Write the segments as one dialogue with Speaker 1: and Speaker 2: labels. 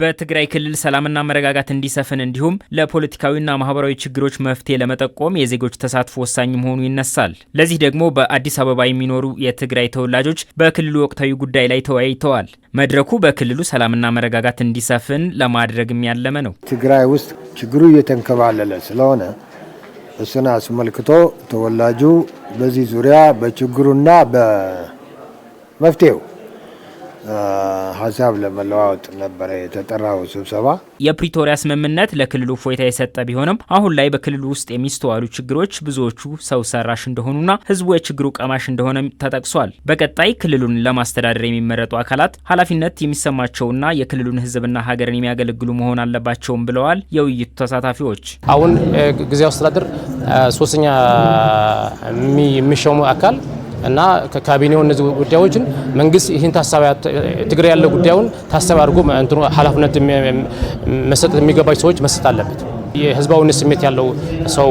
Speaker 1: በትግራይ ክልል ሰላምና መረጋጋት እንዲሰፍን እንዲሁም ለፖለቲካዊና ማህበራዊ ችግሮች መፍትሄ ለመጠቆም የዜጎች ተሳትፎ ወሳኝ መሆኑ ይነሳል። ለዚህ ደግሞ በአዲስ አበባ የሚኖሩ የትግራይ ተወላጆች በክልሉ ወቅታዊ ጉዳይ ላይ ተወያይተዋል። መድረኩ በክልሉ ሰላምና መረጋጋት እንዲሰፍን ለማድረግም ያለመ ነው።
Speaker 2: ትግራይ ውስጥ ችግሩ እየተንከባለለ ስለሆነ እሱን አስመልክቶ ተወላጁ በዚህ ዙሪያ በችግሩና በመፍትሄው ሀሳብ ለመለዋወጥ ነበረ የተጠራው ስብሰባ።
Speaker 1: የፕሪቶሪያ ስምምነት ለክልሉ ፎይታ የሰጠ ቢሆንም አሁን ላይ በክልሉ ውስጥ የሚስተዋሉ ችግሮች ብዙዎቹ ሰው ሰራሽ እንደሆኑና ህዝቡ የችግሩ ቀማሽ እንደሆነ ተጠቅሷል። በቀጣይ ክልሉን ለማስተዳደር የሚመረጡ አካላት ኃላፊነት የሚሰማቸውና የክልሉን ህዝብና ሀገርን የሚያገለግሉ መሆን አለባቸውም ብለዋል የውይይቱ ተሳታፊዎች።
Speaker 3: አሁን ጊዜያዊ አስተዳደር ሶስተኛ የሚሸሙ አካል እና ከካቢኔው እነዚህ ጉዳዮችን መንግስት ይህን ታሳቢ ትግራይ ያለው ጉዳዩን ታሳቢ አድርጎ ኃላፊነት መሰጠት የሚገባቸው ሰዎች መሰጠት አለበት። የህዝባዊነት ስሜት ያለው ሰው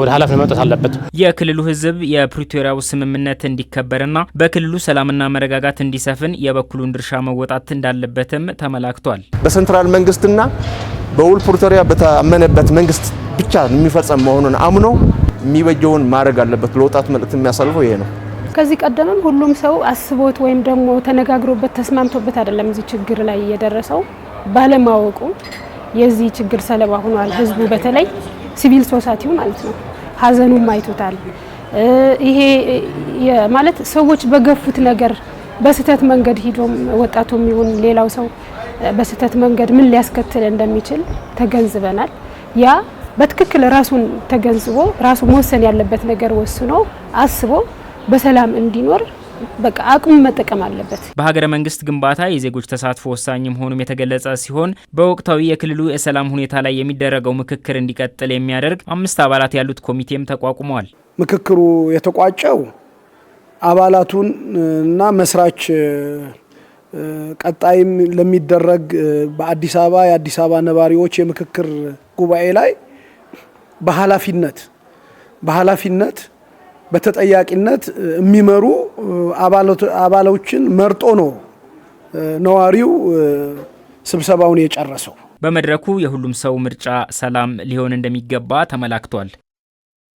Speaker 3: ወደ ኃላፊነት መምጣት አለበት።
Speaker 1: የክልሉ ህዝብ የፕሪቶሪያው ስምምነት እንዲከበርና በክልሉ ሰላምና መረጋጋት እንዲሰፍን የበኩሉን ድርሻ መወጣት እንዳለበትም ተመላክቷል።
Speaker 4: በሴንትራል መንግስትና በውል ፕሪቶሪያ በታመነበት መንግስት ብቻ የሚፈጸም መሆኑን አምኖ የሚበጀውን ማድረግ አለበት። ለወጣት መልእክት የሚያሳልፈው ይሄ ነው።
Speaker 5: ከዚህ ቀደምም ሁሉም ሰው አስቦት ወይም ደግሞ ተነጋግሮበት ተስማምቶበት አይደለም እዚህ ችግር ላይ የደረሰው። ባለማወቁ የዚህ ችግር ሰለባ ሆኗል። ህዝቡ በተለይ ሲቪል ሶሳይቲው ማለት ነው። ሀዘኑም አይቶታል። ይሄ ማለት ሰዎች በገፉት ነገር በስህተት መንገድ ሂዶም ወጣቱም ይሁን ሌላው ሰው በስህተት መንገድ ምን ሊያስከትል እንደሚችል ተገንዝበናል ያ በትክክል ራሱን ተገንዝቦ ራሱ መወሰን ያለበት ነገር ወስኖ አስቦ በሰላም እንዲኖር በቃ አቅሙ መጠቀም አለበት።
Speaker 1: በሀገረ መንግስት ግንባታ የዜጎች ተሳትፎ ወሳኝ መሆኑም የተገለጸ ሲሆን በወቅታዊ የክልሉ የሰላም ሁኔታ ላይ የሚደረገው ምክክር እንዲቀጥል የሚያደርግ አምስት አባላት ያሉት ኮሚቴም ተቋቁመዋል።
Speaker 6: ምክክሩ የተቋጨው አባላቱን እና መስራች ቀጣይም ለሚደረግ በአዲስ አበባ የአዲስ አበባ ነባሪዎች የምክክር ጉባኤ ላይ በኃላፊነት በኃላፊነት በተጠያቂነት የሚመሩ አባሎችን መርጦ ነው ነዋሪው ስብሰባውን የጨረሰው።
Speaker 1: በመድረኩ የሁሉም ሰው ምርጫ ሰላም ሊሆን እንደሚገባ ተመላክቷል።